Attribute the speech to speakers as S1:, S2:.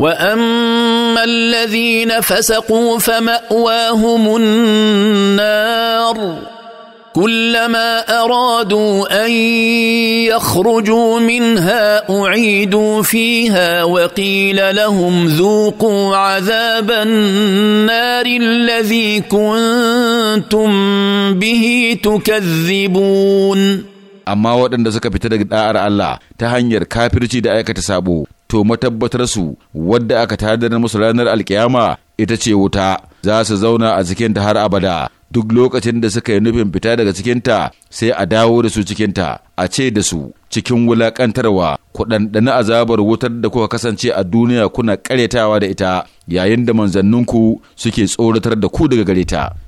S1: واما الذين فسقوا فماواهم النار كلما ارادوا ان يخرجوا منها اعيدوا فيها وقيل لهم ذوقوا عذاب النار الذي كنتم به
S2: تكذبون amma waɗanda suka fita daga da'ar Allah ta hanyar kafirci da aikata sabo to matabbatar su wadda aka tadar musu ranar alkiyama ita ce wuta za su zauna a cikinta har abada duk lokacin da suka yi nufin fita daga cikinta sai a dawo da su cikinta a ce da su cikin wulaƙantarwa ku ɗanɗani azabar wutar da kuka kasance a duniya kuna ƙaretawa da ita yayin da manzanninku suke tsoratar da ku daga gare ta